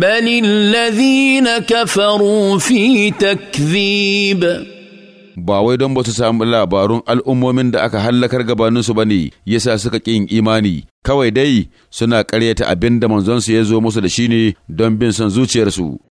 بل الذين كفروا في تكذيب ba wai don ba su samu labarun al'ummomin da aka hallakar gabaninsu ba ne yasa suka ƙin imani kawai dai suna ƙaryata abin da manzonsu ya zo musu da shi ne don bin son zuciyarsu